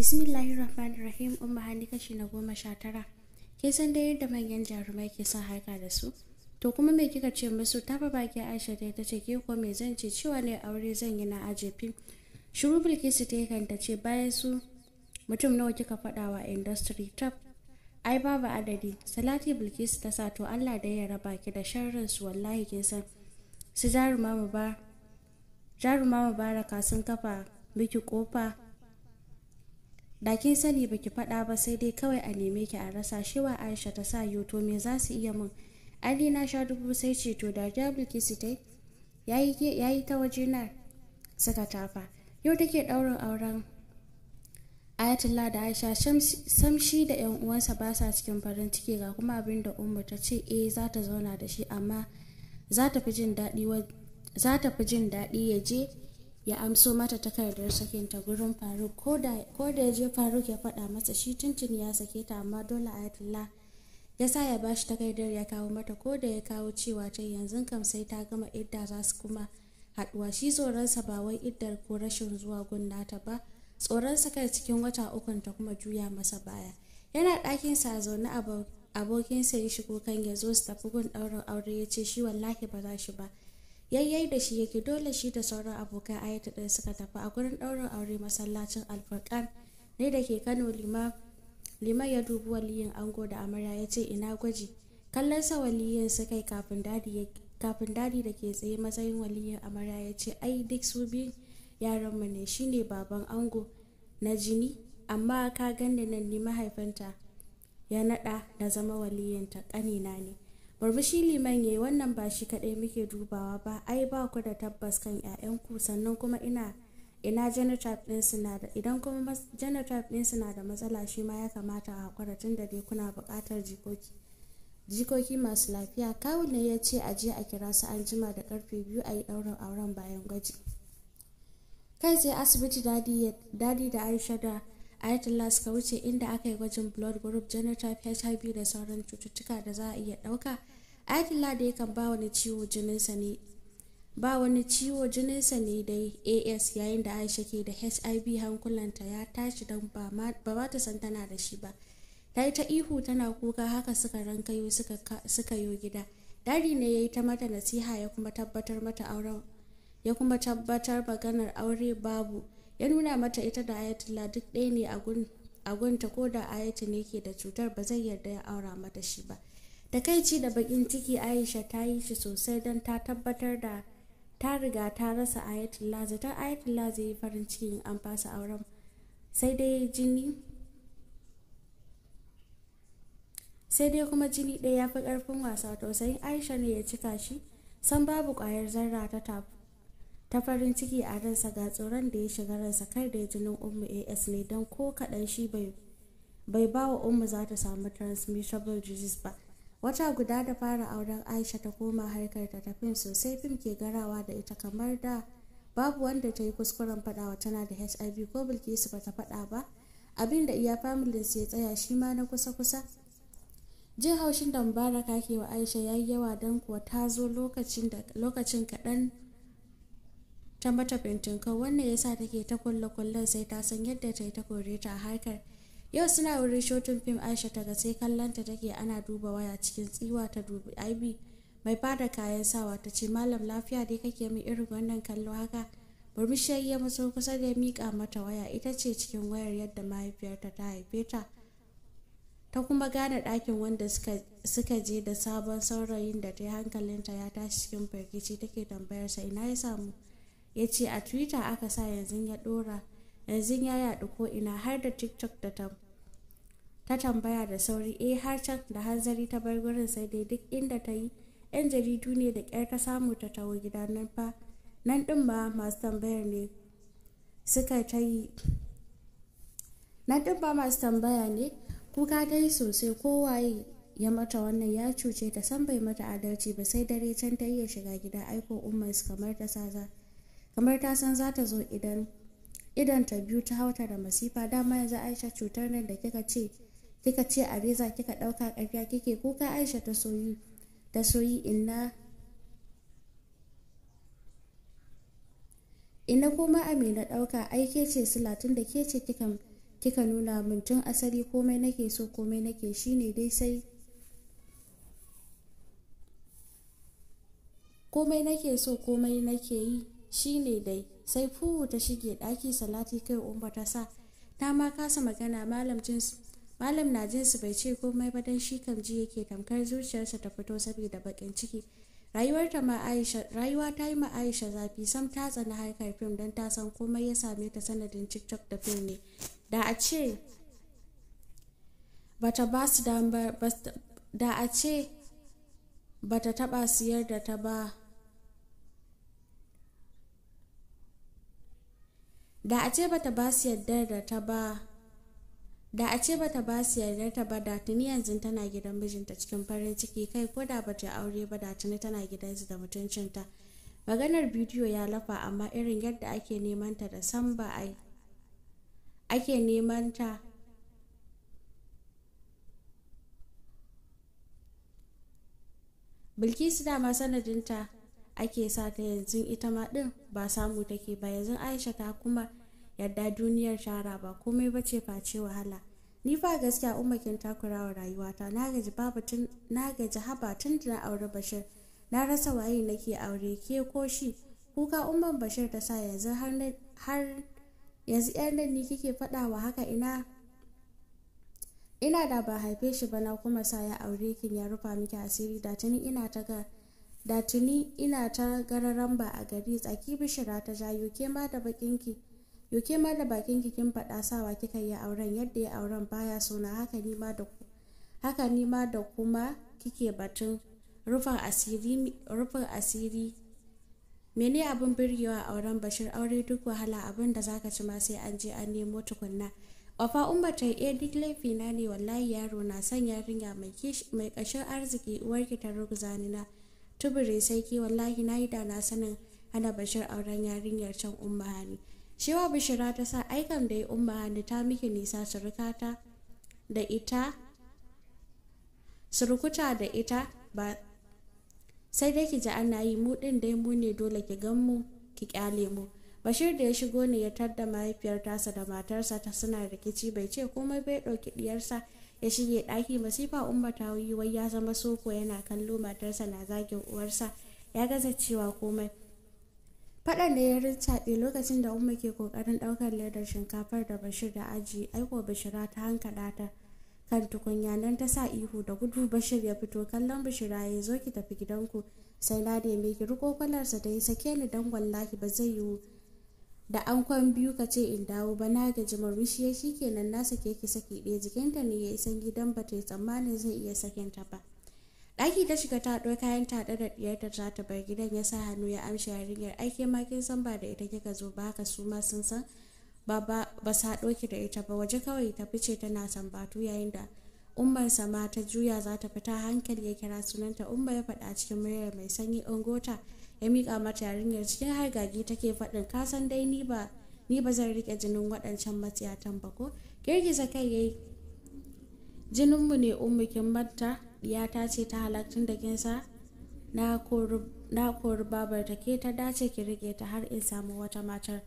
bismillahi rahmanir rahim umma hani kashi na goma sha tara ke san dai yadda manyan jarumai ke son harka da su to kuma me kika ce musu ta fa baki aisha dai ta ce ke ko me zan ce cewa ne aure zan yi na aje shuru bilkisu ta yakan ta ce bayan su mutum nawa kika faɗawa industry trap ai babu adadi salati bilkisu ta sa to allah da ya raba ki da sharrin su wallahi kin san su jaruma mubaraka sun kafa miki kofa da kin sani ba ki faɗa ba sai dai kawai a neme ki a rasa shi wa aisha ta sa to me za su iya min ali na sha dubu sai ce to da jabul su tai ya yi ta waje na suka tafa yau take ɗaurin auren ayatollah da aisha samshi da yan uwansa ba sa cikin farin ciki ga kuma abin da umma ta ce eh za ta zauna da shi amma za ta fi jin daɗi ya je ya amso mata takardar sakinta gurin faruk ko da ya je faruk ya faɗa masa shi tuntun ya sake ta amma dole ayatollah ya sa ya bashi takardar ya kawo mata ko da ya kawo cewa ta yanzu kam sai ta gama idda za su kuma haɗuwa shi tsoronsa ba wai iddar ko rashin zuwa ta ba tsoronsa kai cikin wata ukun ta kuma juya masa baya yana ɗakinsa a zaune abokinsa ya shigo kan ya zo su tafi gun ɗaurin aure ya ce shi wallahi ba za shi ba yayyai da shi yake dole shi da sauran abokan ayata ɗin suka tafi a gurin ɗaurin aure masallacin alfurkan ne da ke kano lima ya dubi waliyin ango da amarya ya ce ina gwaji kallon sa waliyin su kai kafin dadi da ke tsaye matsayin waliyin amarya ya ce ai duk su biyu mu ne shine baban ango na jini amma ka ganda nan ni mahaifinta ya nada na zama waliyinta ƙanina ne murmushi liman yayi wannan ba shi kaɗai muke dubawa ba ai ba ku da tabbas kan 'ya'yanku sannan kuma ina ina genotype din suna da idan kuma genotype din suna da matsala shi ma ya kamata a hakura tunda dai kuna buƙatar jikoki jikoki masu lafiya kawun ne ya ce a je a kira su an jima da karfe biyu a yi ɗaurin auren bayan gwaji kai sai asibiti dadi da aisha da atlas ka wuce inda aka yi gwajin blood group genotype hiv da sauran cututtuka da za a iya ɗauka atlas da yakan ba wani ciwo jininsa ne ba wani ciwo jininsa ne dai as yayin da aisha ke da hiv hankulanta ya tashi don ba ba ta san tana da shi ba ta yi ta ihu tana kuka haka suka rankayo suka yo gida dari ne ya yi ta mata nasiha ya kuma tabbatar mata auren ya kuma tabbatar maganar aure babu ya nuna mata ita da ayatullah duk ɗaya ne a gunta ko da ayatu ne ke da cutar ba zai yarda ya aura mata shi ba takaici da bakin ciki aisha ta yi shi sosai don ta tabbatar da ta riga ta rasa ayatullah ta ayatullah zai yi farin cikin an fasa auren sai dai jini sai dai kuma jini ɗaya ya fi ƙarfin wasa tausayin aisha ne ya cika shi san babu ƙwayar zarra ta ta farin ciki a ransa ga tsoron da ya shiga ransa kar da ya jinin ummu as ne don ko kaɗan shi bai ba wa ummu za ta samu transmittable disease ba wata guda da fara auren aisha ta koma harkar ta tafin sosai fim ke garawa da ita kamar da babu wanda ta yi kuskuren faɗawa tana da hiv ko bilkisu ba ta faɗa ba abin da iya familin ya tsaya shi ma na kusa-kusa jin haushin da mubaraka ke wa aisha ya yi yawa don kuwa ta zo lokacin kaɗan ta mata kan wannan yasa take ta kulle-kullen sai ta san yadda ta yi ta kore ta harkar yau suna wurin shotun fim aisha ta ga sai kallonta take ana duba waya cikin tsiwa ta dubi ib mai bada kayan sawa ta ce malam lafiya dai kake min irin wannan kallo haka shayi ya maso kusa da mika mata waya ita ce cikin wayar yadda mahaifiyarta ta haife ta ta kuma gane ɗakin wanda suka je da sabon saurayin da ta hankalinta ya tashi cikin firgici take tambayar sa ina ya samu ya ce a twitter aka sa yanzu ya dora yanzu ya yaɗu ko ina har da tiktok da ta tambaya da sauri eh har can da hanzari ta bar gurin sai dai duk inda ta yi yan jaridu ne da ƙyar ta samu ta tawo gida nan fa nan din ba masu tambayar ne suka ta yi nan din ba masu tambaya ne kuka ta yi sosai kowaye ya mata wannan ya cuce ta san bai mata adalci ba sai dare can ta iya shiga gida aiko umar kamar ta saza kamar ta san za ta zo idan idan ta biyu ta hauta da masifa dama yanzu aisha cutar nan da kika ce kika ce a reza kika ɗauka ƙarya kike kuka aisha ta soyi ta soyi inna ina kuma amina ɗauka ai ke ce silatin da ke ce kika nuna min tun asali komai nake so komai nake shine dai sai komai nake so komai nake yi shi ne dai sai fuhu ta shige ɗaki salati kai umba ta sa ta ma kasa magana malam na jinsu bai ce komai ba dan shi kan ji yake tamkar zuciyarsa ta fito saboda bakin ciki rayuwar ta rayuwa ta yi ma Aisha zafi sam ta tsana harkar fim dan ta san komai ya same ta sanadin TikTok da fim ne da a ce bata ba su da a ce bata taba siyar da ta ba da a ce bata ba su yarda da ta ba da a ce bata ba su yarda ta ba da tuni yanzu tana gidan mijinta cikin farin ciki kai ko da bata aure ba da tuni tana gidansu da mutuncinta maganar bidiyo ya lafa amma irin yadda ake neman ta da san ba ai ake neman ta bilkisu dama sanadinta ake sa ta yanzu ita ma din ba samu take ba yanzu aisha ta kuma yadda duniyar shara ba komai ba ce face wahala ni ba gaskiya umakin takurawa rayuwata na gaji babu tun haba tun da na aure bashir na rasa waye nake aure ke ko shi kuka umar bashir ta sa yanzu har yanzu yan nan ni kike faɗawa haka ina ina da ba haife shi ba na kuma sa ya aure kin ya rufa miki asiri da tuni ina ta ga da tuni ina ta gararan ba a gari tsaki bishira ta ja yoke ma da bakinki yoke ma da bakinki kin faɗa sawa kika yi auren yadda ya auren baya suna haka ni ma da ku haka ni ma da kuma kike batun rufin asiri rufin asiri mene abin birgewa auren bashir aure duk wahala abin da zaka ci ma sai an je an nemo tukunna wafa umma ta iya eh, duk laifina ne wallahi yaro na son yarinya mai kashin arziki uwarki ta ruguza ni na tubure sai ki wallahi na yi da na sanin ana bashir auren yarinyar can umma hani shewa bishira ta sa aikam da ya umma hani ta miki nisa surukata da ita surukuta da ita ba sai dai ki ji ana yi mu din dai mu ne dole ki gan mu ki kyale mu bashir da ya shigo ne ya tadda mahaifiyar tasa da matarsa ta suna rikici bai ce komai bai ɗauki ɗiyarsa ya shige ɗaki masifa umma ta yi wai ya zama soko yana kallo matarsa na zagin uwarsa ya gaza cewa komai faɗan da ya rincaɗe lokacin da umma ke kokarin ɗaukar ledar shinkafar da bashir da aji aiko bashira ta hankala ta kan tukunya nan ta sa ihu da gudu bashir ya fito kallon bashira ya zo ki tafi gidanku sai na neme ki riko kwalarsa da ya sake ni dan wallahi ba zai yiwu da ankon biyu ka ce in dawo ba na gaji murmushi ya shi kenan na sake ki saki ɗaya jikinta ne ya isan gidan ba ta yi tsammanin zai iya sakin ta ba ɗaki ta shiga ta ɗau kayan ta da ɗiyarta za ta bar gidan ya sa hannu ya amshi yarinyar aike ma kin san ba da ita kika zo ba haka su ma sun san ba ba sa ɗauki da ita ba waje kawai ta fice tana sambatu yayin da umar sama ta juya za ta fita hankali ya kira sunanta umar ya faɗa cikin murya mai sanyi ungota ya miƙa mata yarinyar cikin hargagi take faɗin kasan dai ni ba ni ba zan rike jinin waɗancan matsiyatan ba ko girgiza kai yayi jininmu ne ummu kin ta ce ta halattun da kinsa na kori babar ta ke ta dace ki rike ta har in samu wata mata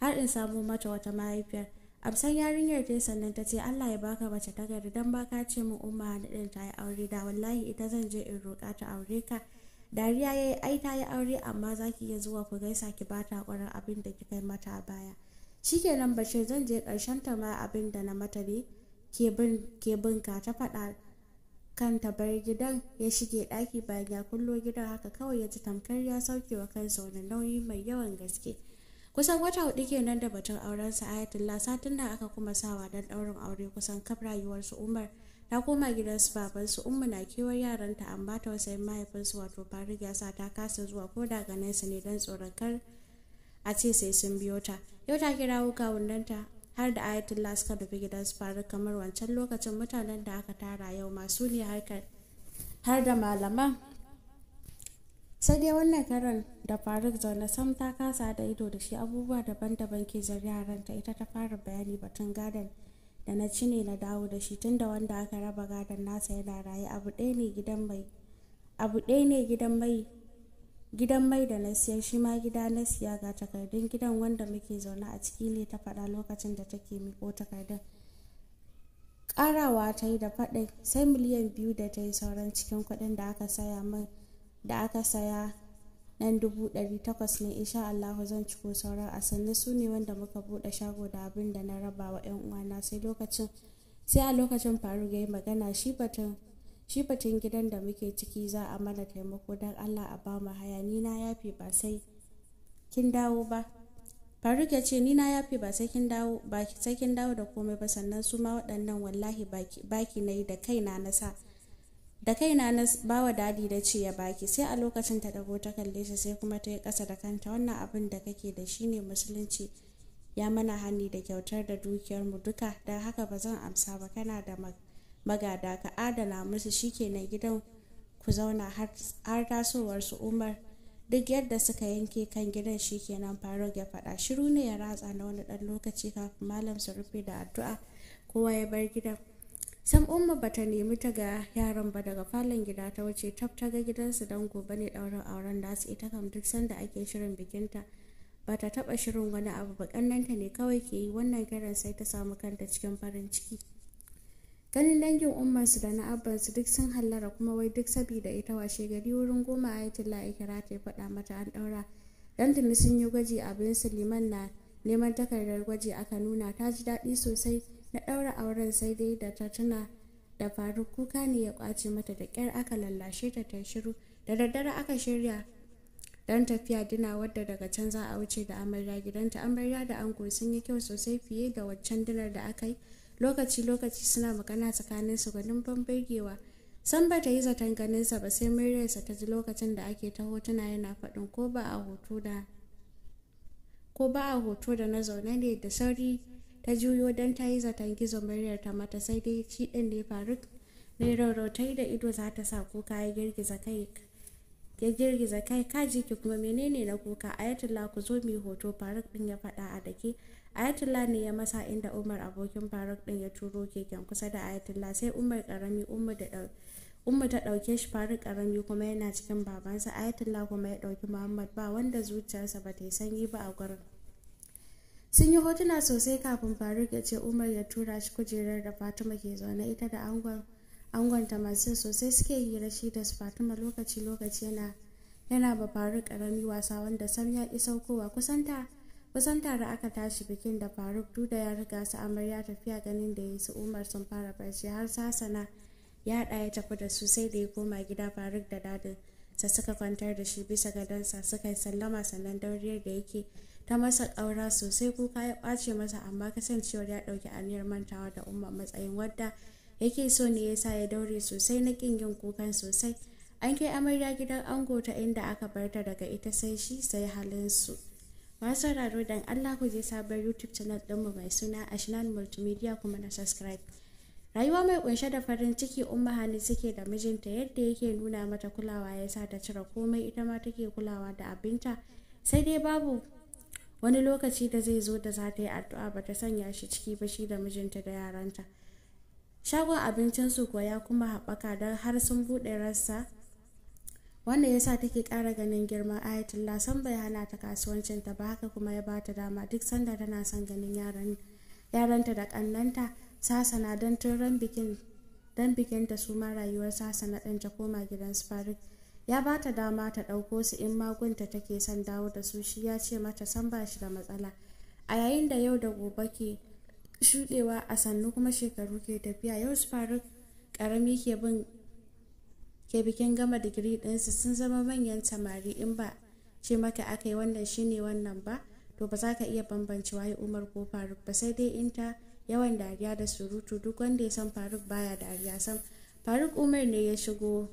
har in samu mata wata mahaifiyar amsan yarinyar ta sannan ta ce Allah ya baka mace ta gari don baka ce min umma na ɗin ta yi aure da wallahi ita zan je in roƙa ta aure ka dariya ya yi ai ta yi aure amma za ki iya zuwa ku gaisa ki ba ta kwarar abin da ki kai mata a baya shikenan bashir zan je karshen ta ma abin da na mata ne ke bin ka ta faɗa kanta bar gidan ya shige ɗaki bayan ya kullo gidan haka kawai ya ji tamkar ya sauke wa kansa wani nauyi mai yawan gaske kusan wata hudu kenan da batun auren sa ayatullah satin da aka kuma sawa don ɗaurin aure kusan kaf rayuwarsu umar ta koma gidan su babansu umma na kewar yaranta amma tausayin mahaifinsu wato faruk ya sa ta kasa zuwa ko daga nesa ne don tsoron kar a ce sai sun biyo ta yau ta wannan ta har da ayatollah suka dubi gidan su faruk kamar wancan lokacin mutanen da aka tara yau masu ne harkar har da malaman sai dai wannan karan da faruk zaune sam ta kasa da ido da shi abubuwa daban-daban ke yaran ta ita ta fara bayani batun gadon da na ci ne na dawo da shi tunda wanda aka raba gadon nasa yana raye abu ɗaya ne gidan mai gidan mai da na siya shi ma gida na siya ga takardun gidan wanda muke zaune a ciki ne ta faɗa lokacin da take miko takardun ƙarawa ta yi da faɗin sai miliyan biyu da ta yi sauran cikin kuɗin da aka saya da aka saya nan dubu ɗari takwas ne insha allahu zan ciko sauran a sannu su ne wanda muka buɗe shago da abin da na raba wa 'yan uwana sai lokacin sai a lokacin faru ya magana shi batun gidan da muke ciki za a mana taimako don allah a ba mu haya ni na yafe ba sai kin dawo ba faru ya ce ni na yafe ba sai kin dawo ba sai kin dawo da komai ba sannan su ma waɗannan wallahi baki na yi da kaina na sa da kaina na bawa dadi da ce ya baki sai a lokacin ta dago ta kalle shi sai kuma ta yi kasa da kanta wannan abin da kake da shi ne musulunci ya mana hani da kyautar da dukiyar mu duka da haka ba zan amsa ba kana da magada ka adana musu shi na gidan ku zauna har tasowar su umar duk yadda suka yanke kan gidan shi shikenan faruk ya faɗa shiru ne ya ratsa na wani ɗan lokaci kafin malam su rufe da addu'a kowa ya bar gidan sam umma bata nemi ta ga yaran ba daga falon gida ta wuce tab ta ga gidansu don gobe ne ɗaurin auren da su ita kam duk sanda ake shirin bikinta ta taba shirin wani abu ba kannanta ne kawai ke yi wannan kiran sai ta samu kanta cikin farin ciki ganin dangin su da na su duk sun hallara kuma wai duk sabida ita washe gari wurin goma ayatollah ikira ta faɗa mata an daura dan tuni sun yi gwaji abin su liman na neman takardar gwaji aka nuna ta ji daɗi sosai na ɗaura auren sai dai da ta tuna da faru kuka ne ya kwace mata da ƙyar aka lallashe ta ta shiru da daddare aka shirya don tafiya dina wadda daga can za a wuce da amarya gidanta amarya da ango sun yi kyau sosai fiye da waccan dinar da aka yi lokaci lokaci suna magana tsakanin su ga ban birgewa san ba ta yi zaton ganinsa ba sai muryarsa ta ji lokacin da ake ta hotuna yana faɗin ko ko ba a hoto da na zaune ne da sauri ta juyo don ta yi zaton gizo muryar ta mata sai dai ci ɗin ne faruk mai rarrautai da ido za ta sa kuka ya girgiza kai ya girgiza kuma menene na kuka ayatollah ku zo mu hoto faruk ɗin ya faɗa a dake ayatullah ne ya masa inda umar abokin faruk ɗin ya turo keken kusa da ayatollah sai umar karami umma da umma ta ɗauke shi faruk karami kuma yana cikin babansa ayatollah kuma ya ɗauki muhammad ba wanda zuciyarsa ba ta yi sanyi ba a gurin sun yi hotuna sosai kafin faruk ya ce umar ya tura shi kujerar da fatima ke zaune ita da angon angonta masu sosai suke hira shi da fatima lokaci-lokaci yana yana ba faruk karami wasa wanda sam ya isa kowa kusanta da aka tashi bikin da faruk duda ya riga su amarya tafiya ganin da ya su umar sun fara barci har sasana ya ɗaya ya tafi da su sai da ya koma gida faruk da dadin sa suka kwantar da shi bisa gadonsa suka yi sallama sannan dauriyar da yake ta masa ƙaura sosai kuka ya ɓace masa amma kasancewar ya ɗauki aniyar mantawa da umma matsayin wadda yake so ne ya sa ya daure sosai na ƙin yin kukan sosai an kai amarya gidan ango ta inda aka bar ta daga ita sai shi sai halinsu masu sauraro dan allah ku je sabon youtube channel ɗinmu mai suna ashinan multimedia kuma na subscribe rayuwa mai kunshe da farin ciki umma hani suke da mijinta yadda yake nuna mata kulawa ya sa ta cire komai ita ma take kulawa da abinta sai dai babu wani lokaci da zai zo da za ta yi addu'a ba ta sanya shi ciki ba shi da mijinta da yaranta shagon abincinsu kuwa ya kuma haɓaka don har sun buɗe rassa wanda ya sa take ƙara ganin girma ayatollah san bai hana ta kasuwancinta ba haka kuma ya bata dama duk sanda tana son ganin yaranta da ƙannanta sasana don tun bikin don bikinta su ma rayuwar sasana ɗin ta koma gidan sparik ya ba ta dama ta ɗauko su in magunta take son dawo da su shi ya ce mata san ba shi da matsala a yayin da yau da gobe ke shuɗewa a sannu kuma shekaru ke tafiya yau su faru ƙarami ke bin ke bikin gama digiri ɗinsu sun zama manyan samari in ba ce maka aka yi wannan shine wannan ba to ba za ka iya bambance waye umar ko faruk ba sai dai in ta yawan dariya da surutu duk wanda ya san faruk baya dariya sam faruk umar ne ya shigo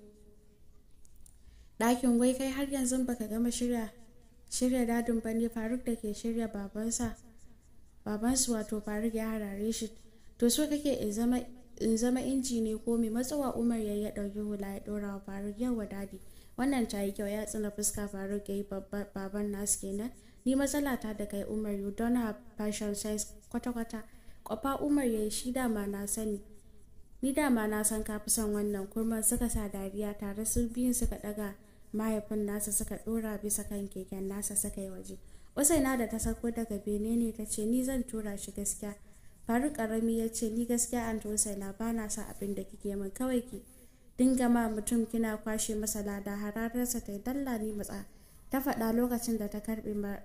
ɗakin wai kai har yanzu baka gama shirya shirya dadin ba ne faruk da ke shirya babansa babansu wato faruk ya harare shi to so kake in zama inji ne ko mai matsawa umar ya ya ɗauki hula ya ɗora wa faruk yau wa dadi wannan ta yi kyau ya tsina fuska faruk ya yi baban nasu kenan ni matsala ta da kai umar you don have fashion sense kwata-kwata kwafa umar ya yi shi dama na sani ni dama na san kafi son wannan kurman suka sa dariya tare su biyun suka daga mahaifin nasa suka dora bisa kan keken nasa suka yi waje usaina da ta sako daga bene ne ta ce ni zan tura shi gaskiya faru karami ya ce ni gaskiya an ta usaina ba na sa abin da kike min kawai ki dinga ma mutum kina kwashe masa lada hararsa ta yi dalla ni matsa ta faɗa lokacin da ta karɓe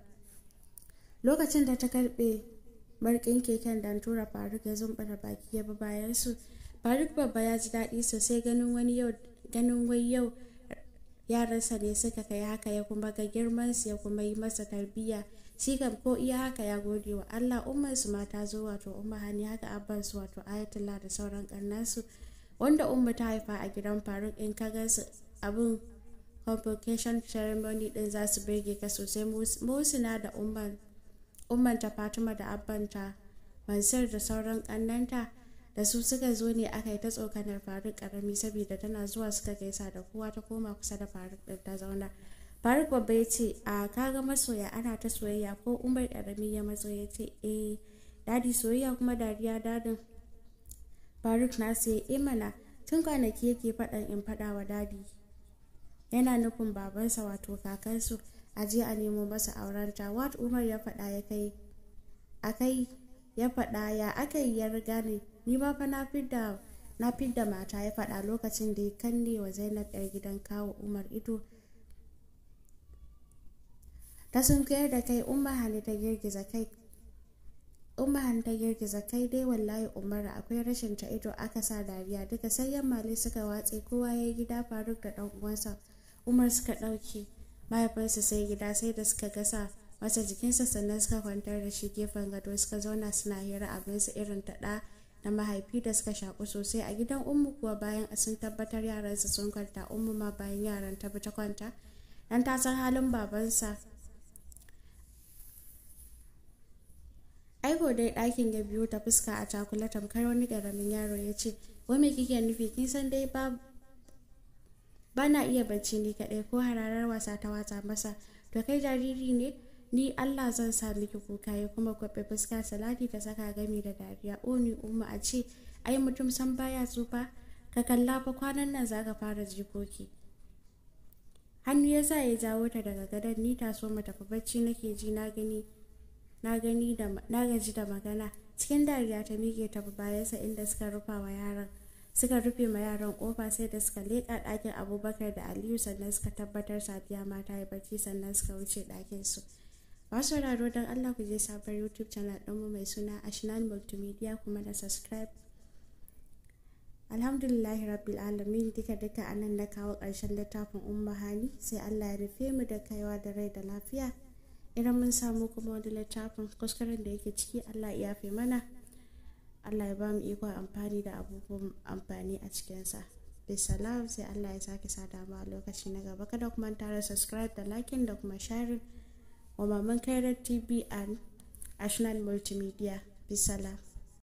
lokacin da ta karɓe barkin keken dan tura faruk ya zumbura baki ya bi bayan su faruk babba ya ji daɗi sosai ganin wani yau ganin wai yau yaransa ne suka kai haka ya kuma ga girmansu ya kuma yi masa tarbiyya shi kam ko iya haka ya gode wa Allah ummarsu ma ta zo wato umma hani haka abbansu wato ayatullah da sauran karnansu wanda umma ta haifa a gidan faruk in ka gansu abin complication ceremony din za su birge ka sosai na da umman ta fatima da abbanta mansur da sauran kannanta da su suka zo ne aka yi ta tsokanar faruk karami saboda tana zuwa suka gaisa da kowa ta koma kusa da faruk ɗin ta zauna faruk babba ya ce a kaga masoya ana ta soyayya ko umar karami ya matso ya ce eh dadi soyayya kuma dariya dadin faruk na sai eh mana tun kwanaki yake faɗan in faɗa wa dadi yana nufin babansa wato kakansu a je a nemo masa aurenta wat umar ya faɗa ya kai a kai ya faɗa ya aka yi ya riga ni ma fa na fidda na mata ya faɗa lokacin da ya kanne wa zainab yar gidan kawo umar ido ta sunkuyar da kai umma hali ta girgiza kai ta girgiza dai wallahi umar akwai rashin ta ido aka sa dariya duka sai yammali suka watse kowa ya yi gida faruk da dan uwansa umar suka ɗauke mahaifinsa sai gida sai da suka gasa masa jikinsa sannan suka kwantar da shi gefen gado suka zauna suna hira abinsu irin taɗa. na mahaifi da suka shaku sosai a gidan ummu kuwa bayan sun tabbatar yaransa sun kwanta ummu ma bayan yaran ta ta kwanta dan ta san halin babansa aiko dai ɗakin ya biyo ta fuska a cakula tamkar wani ƙaramin yaro ya ce wai me kike nufi kin san dai ba bana iya bacci ni kaɗai ko hararar wasa ta wata masa to kai jariri ne ni Allah zan sa miki kuka ya kuma kwaɓe fuska salati ta saka gami da dariya oni umma a ce ai mutum san baya tsufa ka kalla fa kwanan nan za ka fara jikoki hannu ya sa ya jawo ta daga gadon ni ta so mata fa bacci nake ji na gani na gani da na gaji da magana cikin dariya ta mike ta bayansa inda suka rufa wa yaran suka rufe ma yaran kofa sai da suka leƙa ɗakin abubakar da aliyu sannan suka tabbatar safiya mata ya bacci sannan suka wuce ɗakin su masu sauraro don allah ku je sabon youtube channel ɗinmu mai suna ashinan multimedia kuma da subscribe alhamdulillahi rabbil alamin duka duka a nan na kawo ƙarshen littafin umma hali sai allah ya rufe mu da kaiwa da rai da lafiya idan mun samu kuma wani littafin kuskuren da yake ciki allah ya fi mana allah ya ba mu iko amfani da abubuwan amfani a cikinsa bisalam sai allah ya sake sadama a lokaci na gaba kada kuma tara subscribe da liking da kuma sharing wa maman kairat tbr national multimedia bisala.